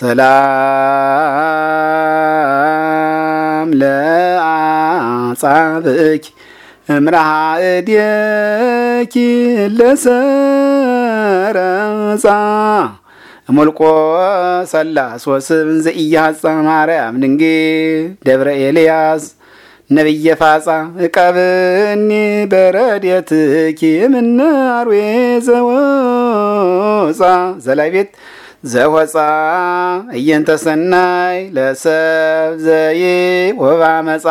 ሰላም ለአጻብእኪ እምርሃ እድኪ ለሰረጻ እሞልቆ ሰላስ ወስብን ዘኢያጻ ማርያም ድንጌ ደብረ ኤልያስ ነቢየ ፋጻ እቀብኒ በረድኤትኪ እምነ አርዌ ዘወጻ ዘላይ ቤት ዘወፃ እየንተሰናይ ለሰብ ዘይ ወባ ወባመፃ